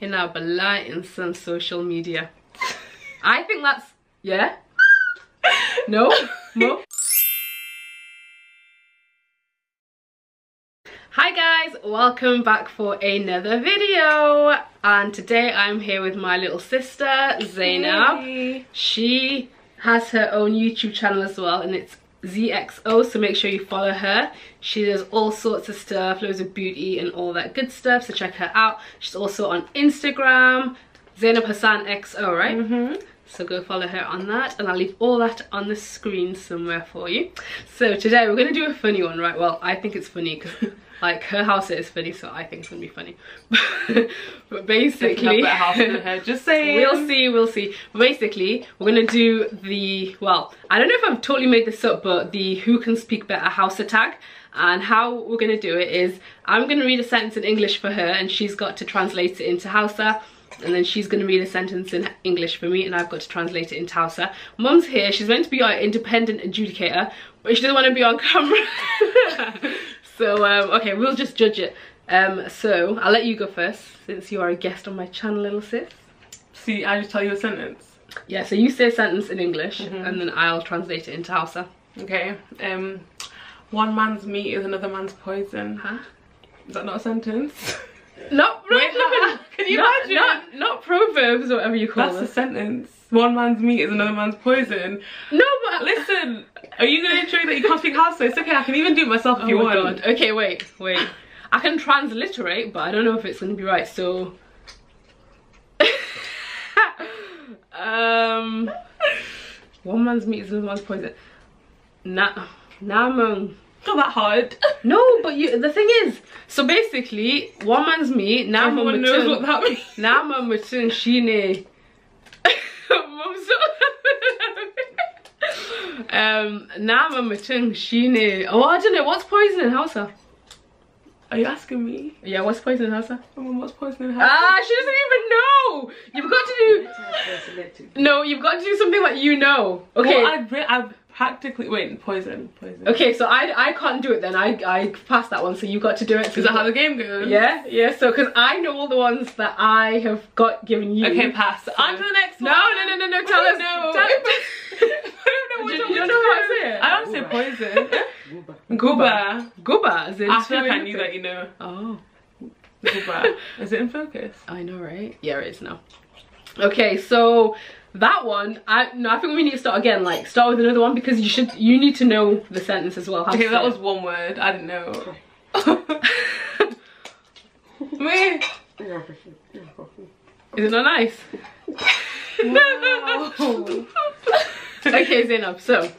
in our blinds on social media. I think that's, yeah? no? No? Hi guys, welcome back for another video. And today I'm here with my little sister, Zainab. Hey. She has her own YouTube channel as well and it's ZXO, so make sure you follow her. She does all sorts of stuff, loads of beauty and all that good stuff, so check her out. She's also on Instagram, Zainab Hassan XO, right? Mm -hmm. So go follow her on that and I'll leave all that on the screen somewhere for you. So today we're going to do a funny one, right? Well, I think it's funny because Like her house is funny, so I think it's gonna be funny. but basically, Just saying. We'll see, we'll see. But basically, we're gonna do the well. I don't know if I've totally made this up, but the who can speak better house attack. And how we're gonna do it is I'm gonna read a sentence in English for her, and she's got to translate it into Hausa and then she's going to read a sentence in English for me and I've got to translate it into Hausa. Mum's here, she's meant to be our independent adjudicator, but she doesn't want to be on camera. so um, okay we'll just judge it um, so i'll let you go first since you are a guest on my channel little sis see i just tell you a sentence yeah so you say a sentence in english mm -hmm. and then i'll translate it into hausa okay um one man's meat is another man's poison huh is that not a sentence no, no, Wait, no, can you not, imagine? Not, not proverbs or whatever you call That's it. That's a sentence one man's meat is another man's poison. No, but listen, are you gonna ensure that you can't speak Hausa? It's okay, I can even do it myself if oh you my want. God. Okay, wait, wait. I can transliterate, but I don't know if it's gonna be right. So, um, one man's meat is another man's poison. Nah, nah, man. Not that hard. no, but you. The thing is, so basically, one man's meat. Nah, Everyone knows what that means. Nah, man, shine um nama machung shine oh i don't know what's poisoning hausa are you asking me? Yeah, what's poisoning Hausa? I oh, mean, what's poisoning Hausa? Ah, she doesn't even know! You've got to do... No, you've got to do something that you know. Okay. Well, I've, I've practically wait poison poison okay so i i can't do it then i i passed that one so you got to do it because i how the game goes yeah yeah so because i know all the ones that i have got given you okay pass so. on to the next no, one no no no no tell us no I don't know what you, you know how to say it. I don't say poison. Gooba. Gooba. Is it I feel like I knew that, you know. Oh. Gooba. Is it in focus? I know, right? Yeah, it is now. Okay, so that one i no i think we need to start again like start with another one because you should you need to know the sentence as well okay that was one word i didn't know is it not nice no. okay Zainab so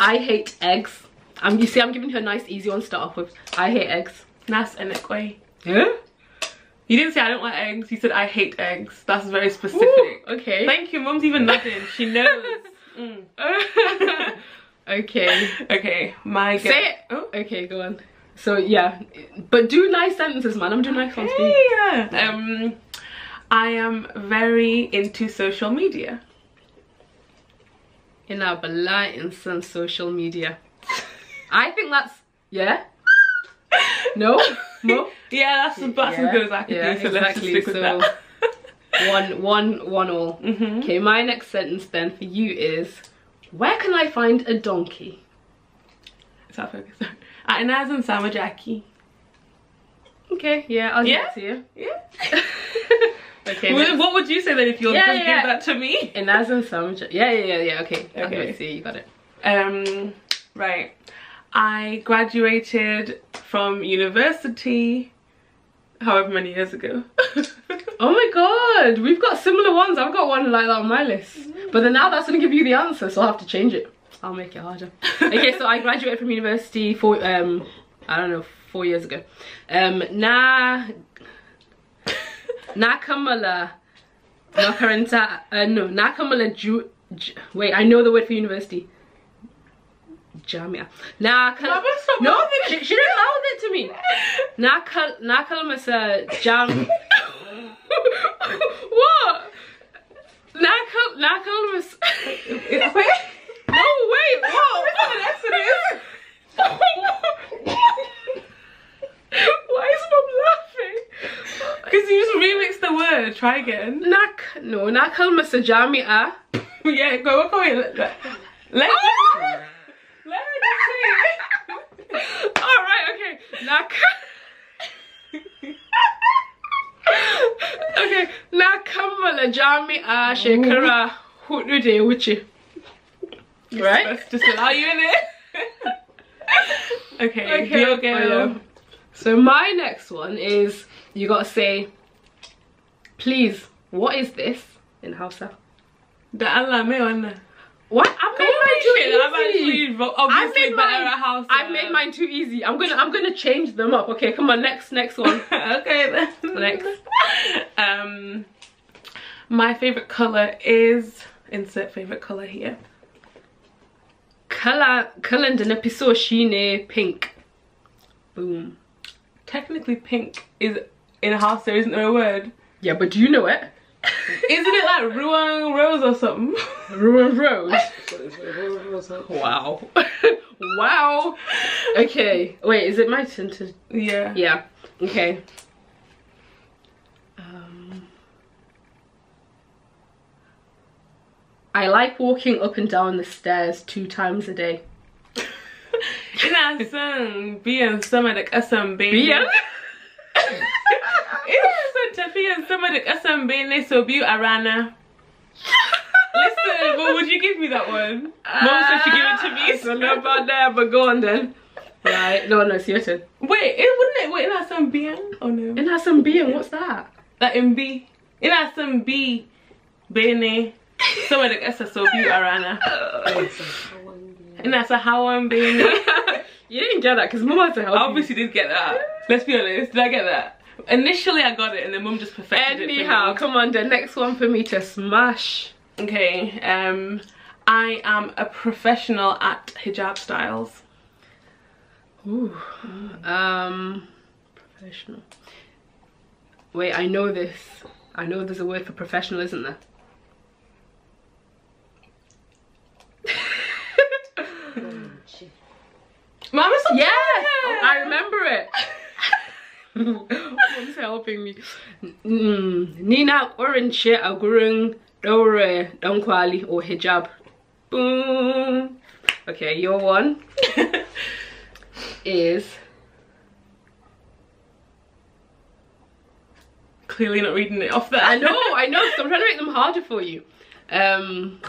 I hate eggs um, you see I'm giving her a nice easy one to start off with I hate eggs nice and Equi. yeah you didn't say I don't want eggs. You said I hate eggs. That's very specific. Ooh, okay. Thank you. Mom's even nodding. She knows. Mm. okay. Okay. My Say it. Oh, okay. Go on. So yeah, but do nice sentences, man. I'm doing nice ones. yeah. Um, I am very into social media. In our belighting some social media. I think that's yeah no? No? yeah, that's, about yeah. as good as I can yeah, do, so exactly. let's stick with so, that. one, one, one all. Mm -hmm. Okay, my next sentence then for you is, where can I find a donkey? Is that focused? At Inez and Samajaki. Okay, yeah, I'll yeah? give it to you. Yeah. okay. what would you say then if you were yeah, to yeah. give that to me? Inaz and Samajaki. Yeah, yeah, yeah, yeah, okay. okay. I'll give it to you, you got it. Um, right. I graduated from university however many years ago. oh my god, we've got similar ones. I've got one like that on my list. Mm. But then now that's gonna give you the answer, so I'll have to change it. I'll make it harder. okay, so I graduated from university for um I don't know, four years ago. Um na Nakamala Nakaranta uh no Nakamala Ju, Ju wait, I know the word for university. Jamia. Now I call No, she, she didn't mouth it to me. Now I call now I call uh, Jam What? Now I call now I call myself Wait. No wait, whoa. Why is mom laughing? Because you just remixed the word. Try again. Nak no, nakal Jamia. yeah, go go in. Let's. Oh! na jami'a shekara hudu da ya wuce right to allow you in it okay, okay Okay. Um, so my next one is you gotta say please what is this in hausa The allah mai wannan what? I made mine, mine too easy. I've obviously I made better mine, at house. I've made mine too easy. I'm gonna I'm gonna change them up. Okay, come on, next next one. okay Next. Um my favorite color is, insert favorite color here. Color, color na piso shine pink. Boom. Technically pink is in a house there isn't no word. Yeah, but do you know it? Isn't it like Ruang Rose or something? Ruang Rose? wow. wow. Okay. Wait, is it my turn to... Yeah. Yeah. Okay. I like walking up and down the stairs two times a day. İnansan bir yan samadık asan beni. Bir yan? and tafiyan samadık asan beni so bir arana. Listen, what would you give me that one? Mom said she gave it to me. I ah. don't know about but go on then. Right, no, no, it's your turn. Wait, it, wouldn't it? Wait, İnansan bir yan? Oh no. İnansan bir and what's that? That in B. İnansan bir beni sama da Arana and that's a how I'm being. you didn't get that because mom had to help obviously you. did get that let's be honest did i get that initially i got it and then mom just perfected anyhow, it anyhow come on the next one for me to smash okay um i am a professional at hijab styles Ooh. um professional wait i know this i know there's a word for professional isn't there Mom is Yeah, I remember it. Mom's helping me. Nina orange agurung dore donkwali or hijab. Boom. Okay, your one is clearly not reading it off there. I know, I know. So I'm trying to make them harder for you. Um,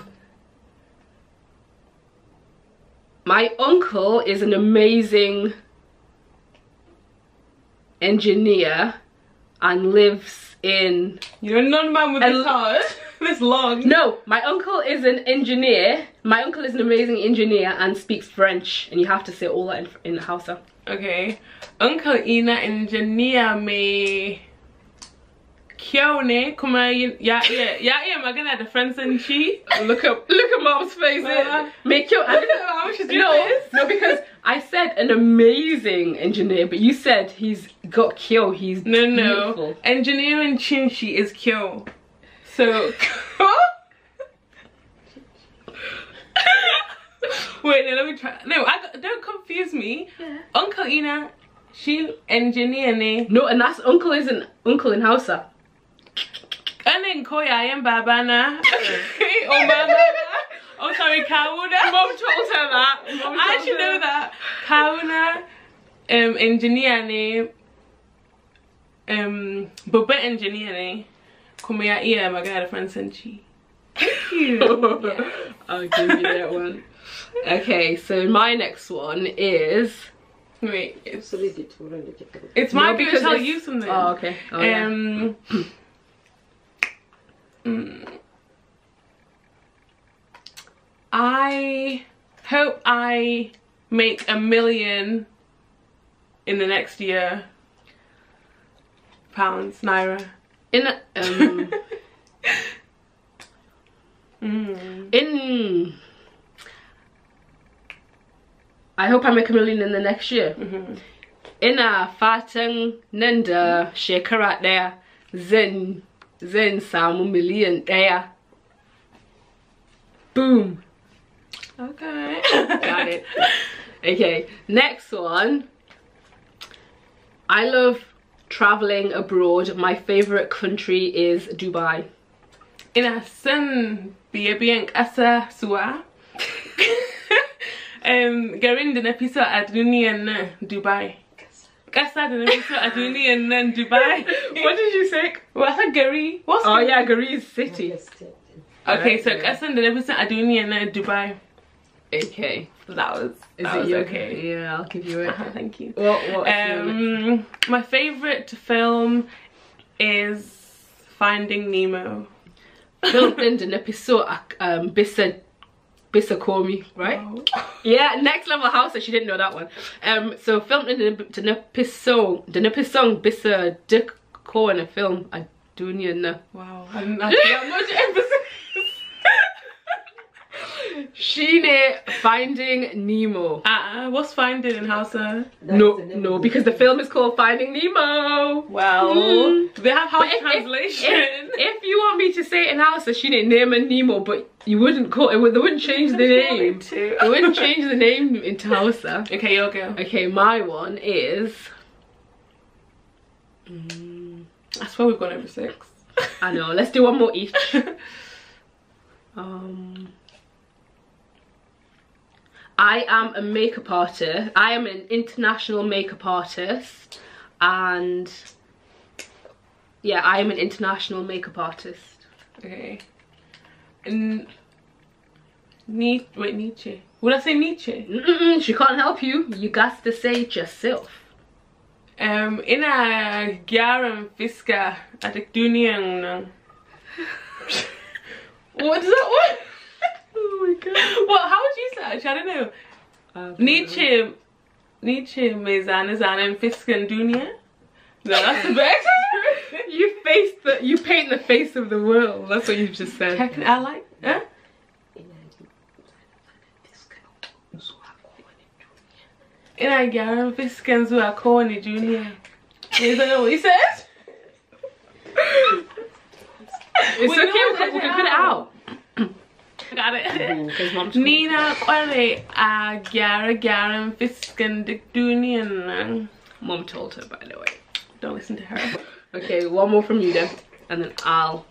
My uncle is an amazing engineer and lives in... You're a man with a card. this long. No, my uncle is an engineer. My uncle is an amazing engineer and speaks French. And you have to say all that in, in house. Okay. Uncle Ina engineer me Keone, kom maar in. yeah, yeah, ja, ja, maar naar the friends and she. Look up, look at mom's face. Uh, make your. I don't know how she's no, this. No, because I said an amazing engineer, but you said he's got Kyo. He's no, beautiful. no. Engineer and Chinchi is Kyo. So. Wait, no, let me try. No, I, don't confuse me. Yeah. Uncle Ina, she engineer. ne. No, and that's uncle isn't uncle in Hausa. Anin koya babana. or mama. Oh, sorry, Kauna. Mom told her that. Mom told I should know that. Kauna, um, engineer name, um, Bubba engineer name. Come ya yeah, my god, friend Senchi. Thank you. yeah. I'll give you that one. Okay, so my next one is. Wait, it's, it's my no, because tell you something. Oh, okay. Oh, um, yeah. I hope I make a million in the next year pounds naira in a, um, mm. in I hope I make a million in the next year mm -hmm. ina fatan nan da shekara zan samu miliyan ɗaya boom okay got it okay next one i love traveling abroad my favorite country is dubai ina son biyabiyan ƙasa suwa um garin dinapisa at fi dubai I said in Aduni and then Dubai. what did you say? Well, I said Gary. What's Oh, Gary? yeah, Gary is city. Okay, so I said Aduni and then Dubai. Okay. That was. Is that it was okay? Yeah, I'll give you it. thank you. What? What? Um, my favorite film is Finding Nemo. Film episode um, Bissakomi, right? Oh. Yeah, next level house. So she didn't know that one. Um, so filmed in the Dinapisong Bissa Dik Ko in a film. I do need to know. Wow. I'm not much Shine Finding Nemo. Uh-uh, what's finding in Hausa? No, no, because the film is called Finding Nemo. Well, mm. they have Hausa translation. If, if, if, you want me to say it in Hausa, Shine Name Nemo, but you wouldn't call it, they wouldn't change the name. they wouldn't change the name into Hausa. Okay, your girl. Okay, my one is... Mm, I swear we've gone over six. I know, let's do one more each. um... I am a makeup artist. I am an international makeup artist. And yeah, I am an international makeup artist. Okay. And Nietzsche, wait, Nietzsche. Would I say Nietzsche? Mm -mm, she can't help you. You got to say it yourself. Um, in a garam fiska at a um, What is that? one? oh my god. Well, how would you search? I don't know. Uh, Nietzsche, Nietzsche, Mezan, Zan, and Fiskan Dunia. No, that's the best. you face the, you paint the face of the world. That's what you just said. Techn I like, huh? Ina gyaran fiskan zuwa kowane junior. Is that what he says? It's okay, we, we can put it out got it. Mm-hmm, Nina Ole Agara Garam Fiskandikdunian. Mom told her, by the way. Don't listen to her. Okay, one more from you then, and then I'll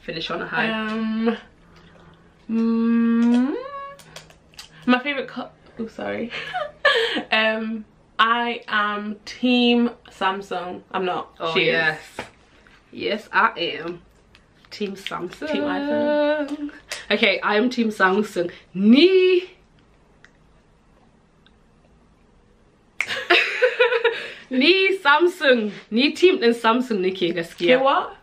finish on a high. Um, mm, my favorite cup. Oh, sorry. um, I am Team Samsung. I'm not. Oh she yes, is. yes, I am. Team Samsung. Team iPhone. Okay, I'm Team Samsung. Ni. Ni Samsung. Ni Team in Samsung, Nikki. Let's get. what?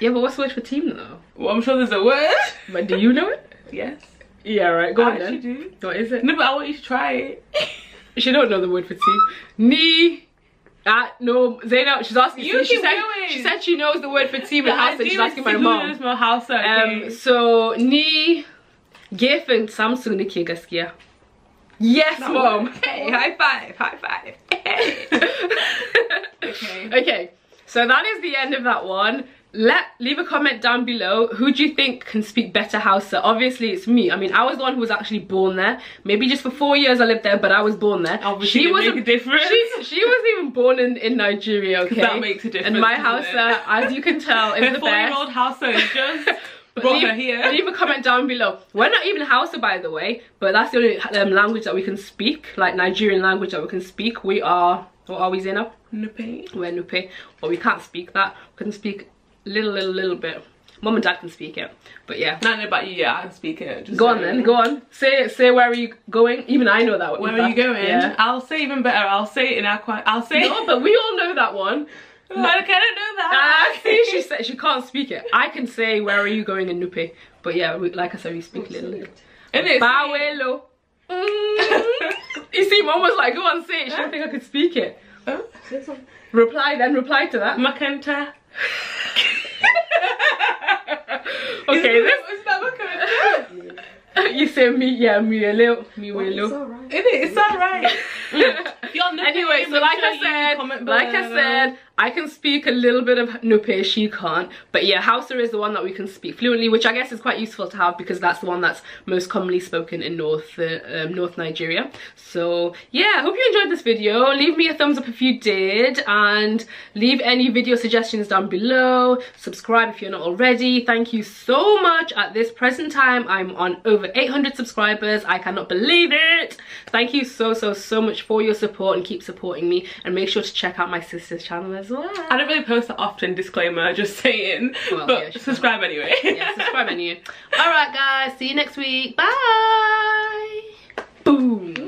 yeah, but what's the word for team though? Well, I'm sure there's a word. But do you know it? yes. Yeah, right. Go I on then. Do. What is it? No, but I want you to try it. she don't know the word for team. Nee. Uh, no, know. she's asking. You she, said, she said she knows the word for tea in She's asking my mom. house, okay. um, so, ni gefen Samsung nake gaskiya. Yes, mom. Hey, high five, high five. okay. Okay, so that is the end of that one let leave a comment down below who do you think can speak better Hausa obviously it's me I mean I was the one who was actually born there maybe just for four years I lived there but I was born there obviously she wasn't make a difference she, she, wasn't even born in, in Nigeria okay that makes a difference and my Hausa as you can tell is the, four year old Hausa is just leave, here. leave a comment down below we're not even Hausa by the way but that's the only um, language that we can speak like Nigerian language that we can speak we are what are we Zena? Nupe. We're Nupe. Well, we can't speak that. We can speak little, little, little bit. Mom and dad can speak it, but yeah. Not know about you, yeah, I can speak it. Just go on then, go on. Say say where are you going? Even I know that. Where are you going? Yeah. I'll say even better. I'll say it in our quiet. I'll say. No, but we all know that one. No. Like, I don't know that. Uh, see, she said she can't speak it. I can say where are you going in Nupi, but yeah, we, like I said, we speak little. And it's Bawelo. Mm. you see, mom was like, go on, say it. She didn't think I could speak it. Huh? Reply then, reply to that. makenta okay, this is not okay? you say me, yeah, me hello, me well, hello. It's alright. It is. It's alright. anyway, so like I said, like I said, I can speak a little bit of Nupe, she can't. But yeah, Hausa is the one that we can speak fluently, which I guess is quite useful to have because that's the one that's most commonly spoken in North, uh, um, North Nigeria. So yeah, hope you enjoyed this video. Leave me a thumbs up if you did and leave any video suggestions down below. Subscribe if you're not already. Thank you so much. At this present time, I'm on over 800 subscribers. I cannot believe it. Thank you so, so, so much for your support and keep supporting me. And make sure to check out my sister's channel as well. I don't really post that often, disclaimer, just saying. Well, but yeah, subscribe anyway. yeah, subscribe anyway. Alright guys, see you next week. Bye! Boom!